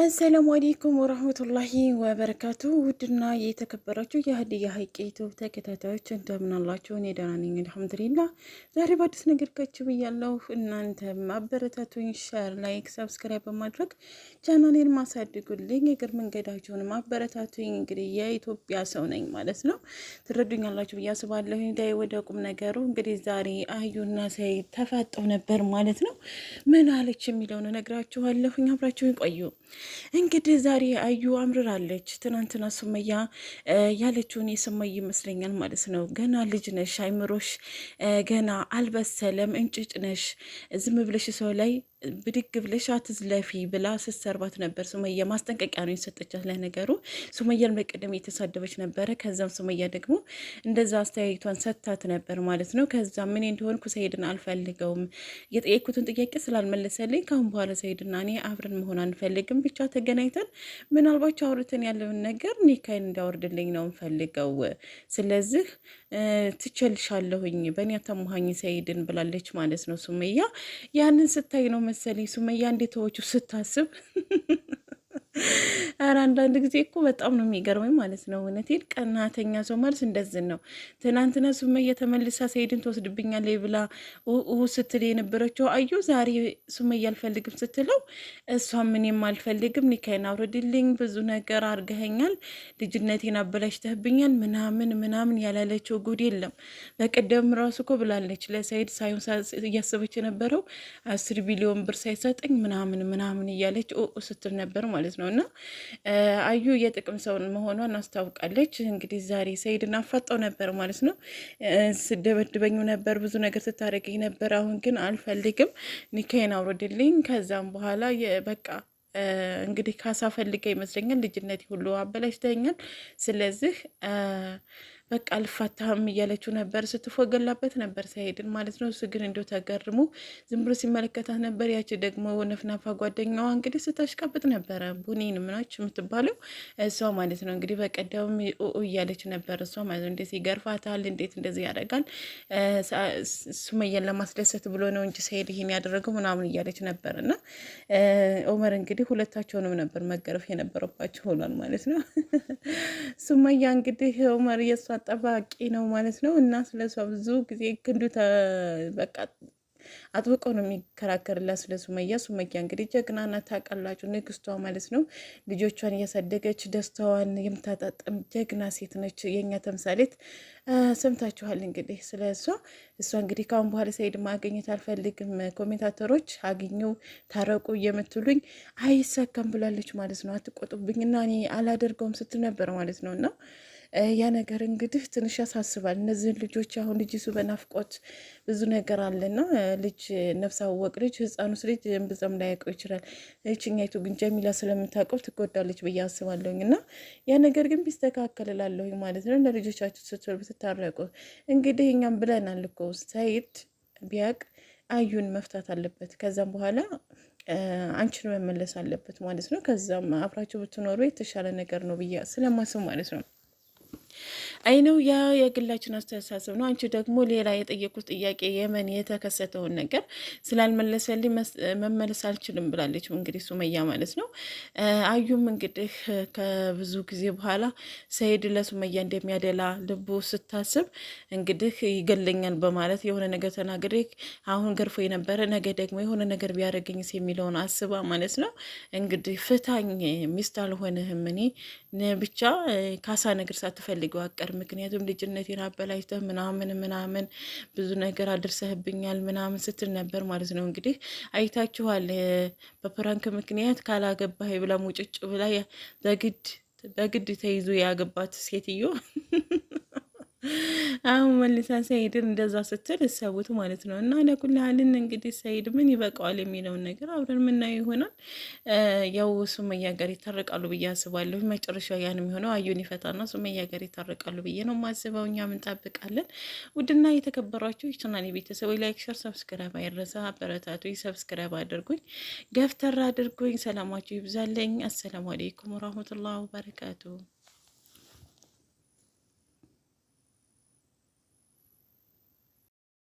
አሰላሙ አሌይኩም ወረህመቱላሂ ወበረካቱ። ውድና የተከበራችሁ የሀዲያ ሀይቅ ተከታታዮች እንደምን አላችሁ? እኔ ደህና ነኝ አልሐምዱሊላህ። ዛሬ በአዲስ ነገር ከች ብያለሁ። እናንተ ማበረታቱኝ ሸር፣ ላይክ፣ ሰብስክራይብ በማድረግ ቻናሌን ማሳድጉልኝ፣ የእግር መንገዳችሁን ማበረታቱኝ። እንግዲህ የኢትዮጵያ ሰው ነኝ ማለት ነው ትረዱኛላችሁ ብዬ አስባለሁ። ዳይ ወደ ቁም ነገሩ እንግዲህ ዛሬ አዩና ሰኢድ ተፋጠው ነበር ማለት ነው። ምን አለች የሚለውን እነግራችኋለሁ። አብራችሁን ቆዩ። እንግዲህ ዛሬ አዩ አምርራለች። ትናንትና ሱመያ ያለችውን የሰማ ይመስለኛል ማለት ነው። ገና ልጅ ነሽ፣ አይምሮሽ ገና አልበሰለም፣ እንጭጭ ነሽ። ዝም ብለሽ ሰው ላይ ብድግ ብለሽ አትዝለፊ ብላ ስትሰርባት ነበር። ሱመያ ማስጠንቀቂያ ነው የሰጠቻት። ለነገሩ ሱመያን በቀደም የተሳደበች ነበረ። ከዛም ሱመያ ደግሞ እንደዛ አስተያየቷን ሰጥታት ነበር ማለት ነው። ከዛ ምን እንደሆንኩ ሰይድን አልፈልገውም የጠየኩትን ጥያቄ ስላልመለሰልኝ ካሁን በኋላ ሰይድና እኔ አብረን መሆን አንፈልግም፣ ብቻ ተገናኝተን ምናልባቸው አውርተን ያለውን ነገር ኒካይን እንዳወርድልኝ ነው እንፈልገው። ስለዚህ ትቸልሻለሁኝ በእኔ አታሙሀኝ ሰይድን ብላለች ማለት ነው። ሱመያ ያንን ስታይ ነው መሰለኝ ሱመያ እንዴት እንደተወችው ስታስብ ኧረ አንዳንድ ጊዜ እኮ በጣም ነው የሚገርመኝ ማለት ነው። እውነቴን ቀናተኛ ሰው ማለት እንደዚህ ነው። ትናንትና ሱመያ ተመልሳ ሰኢድን ትወስድብኛለች ብላ ስትል የነበረችው አዩ ዛሬ ሱመያ አልፈልግም ስትለው እሷ ምንም አልፈልግም፣ ኒካዬን አውርድልኝ፣ ብዙ ነገር አርገኸኛል፣ ልጅነቴን አበላሽተህብኛል ምናምን ምናምን ያላለችው ጉድ የለም። በቀደም ራሱ እኮ ብላለች ለሰኢድ ሳይሆን እያሰበች የነበረው አስር ቢሊዮን ብር ሳይሰጠኝ ምናምን ምናምን እያለች ስትል ነበር ማለት ነው። ነው። እና አዩ የጥቅም ሰው መሆኗን አስታውቃለች። እንግዲህ ዛሬ ሰኢድን አፋጣው ነበር ማለት ነው። ስደበድበኝ ነበር፣ ብዙ ነገር ስታደርገኝ ነበር። አሁን ግን አልፈልግም፣ ኒካዬን አውርድልኝ። ከዛም በኋላ በቃ እንግዲህ ካሳ ፈልገ ይመስለኛል። ልጅነት ሁሉ አበላሽተኛል። ስለዚህ በቃ አልፋታህም እያለችው ነበር፣ ስትፎገላበት ነበር ሳይሄድን ማለት ነው። እሱ ግን እንዲያው ተገርሞ ዝም ብሎ ሲመለከታት ነበር። ያቺ ደግሞ ነፍናፋ ጓደኛዋ እንግዲህ ስታሽቃብጥ ነበረ፣ ቡኒን ምናች የምትባለው እሷ ማለት ነው። እንግዲህ በቀደም እያለች ነበር እሷ ማለት ነው። እንዴት ይገርፋታል፣ እንዴት እንደዚህ ያደርጋል፣ ሱመያን ለማስደሰት ብሎ ነው እንጂ ሰኢድ ይሄን ያደረገው ምናምን እያለች ነበር እና ኦመር እንግዲህ ሁለታቸውንም ነበር መገረፍ የነበረባቸው ሆኗል ማለት ነው። ሱመያ እንግዲህ ኦመር የእሷ ጠባቂ ነው ማለት ነው። እና ስለሷ ብዙ ጊዜ ክንዱ በቃ አጥብቆ ነው የሚከራከርላ ስለ ሱመያ። ሱመያ እንግዲህ ጀግና ናት፣ ታውቃላችሁ፣ ንግስቷ ማለት ነው። ልጆቿን እያሳደገች ደስታዋን የምታጣጥም ጀግና ሴት ነች፣ የእኛ ተምሳሌት። ሰምታችኋል እንግዲህ ስለ እሷ። እሷ እንግዲህ ከአሁን በኋላ ሰኢድ ማገኘት አልፈልግም፣ ኮሜንታተሮች አግኘው ታረቁ እየምትሉኝ አይሳካም ብላለች ማለት ነው። አትቆጡብኝ እና እኔ አላደርገውም ስትል ነበር ማለት ነው እና ያ ነገር እንግዲህ ትንሽ ያሳስባል። እነዚህን ልጆች አሁን ልጅ ሱ በናፍቆት ብዙ ነገር አለና ልጅ ነፍስ አወቅ ልጅ ህፃኑስ ልጅ ብዛም ላያውቀው ይችላል። ይችኛይቱ ግን ጀሚላ ስለምታውቀው ትጎዳለች ብዬ አስባለሁኝ። እና ያ ነገር ግን ቢስተካከልላለሁኝ ማለት ነው። ለልጆቻችሁ ስትል ብትታረቁ እንግዲህ እኛም ብለናል እኮ ሰይድ ቢያቅ አዩን መፍታት አለበት። ከዛም በኋላ አንቺን መመለስ አለበት ማለት ነው። ከዛም አብራችሁ ብትኖሩ የተሻለ ነገር ነው ብዬ ስለማስብ ማለት ነው። አይነው ያ የግላችን አስተሳሰብ ነው። አንቺ ደግሞ ሌላ የጠየቁት ጥያቄ የመን የተከሰተውን ነገር ስላልመለሰልኝ መመለስ አልችልም ብላለች። እንግዲህ ሱመያ ማለት ነው። አዩም እንግዲህ ከብዙ ጊዜ በኋላ ሰኢድ ለሱመያ እንደሚያደላ ልቡ ስታስብ እንግዲህ ይገለኛል በማለት የሆነ ነገር ተናግሬ አሁን ገርፎ የነበረ ነገ ደግሞ የሆነ ነገር ቢያደርገኝስ የሚለውን አስባ ማለት ነው እንግዲህ ፍታኝ ሚስት አልሆንህም እኔ ብቻ ካሳ ነገር ሳትፈልገው አቀር ምክንያቱም ልጅነቴን አበላሽተህ ምናምን ምናምን ብዙ ነገር አድርሰህብኛል ምናምን ስትል ነበር ማለት ነው። እንግዲህ አይታችኋል። በፕራንክ ምክንያት ካላገባህ ብላ ሙጭጭ ብላ በግድ በግድ ተይዞ ያገባት ሴትዮ አሁን መልሳ ሰኢድን እንደዛ ስትል እሰቡት ማለት ነው። እና ለኩልህልን እንግዲህ ሰኢድ ምን ይበቃዋል የሚለውን ነገር አብረን ምናየው ይሆናል። ያው ሱመያ ጋር ይታረቃሉ ብዬ አስባለሁ። መጨረሻ ያን የሚሆነው አዩን ይፈታና ሱመያ ጋር ይታረቃሉ ብዬ ነው ማስበው። እኛ ምንጠብቃለን። ውድና የተከበሯችሁ ይችናል የቤተሰቦች ላይክ፣ ሸር፣ ሰብስክራይብ አይረሳ። አበረታቱ፣ ሰብስክራይብ አድርጉኝ፣ ገፍተራ አድርጉኝ። ሰላማችሁ ይብዛለኝ። አሰላሙ አሌይኩም ወራህመቱላህ ወበረካቱ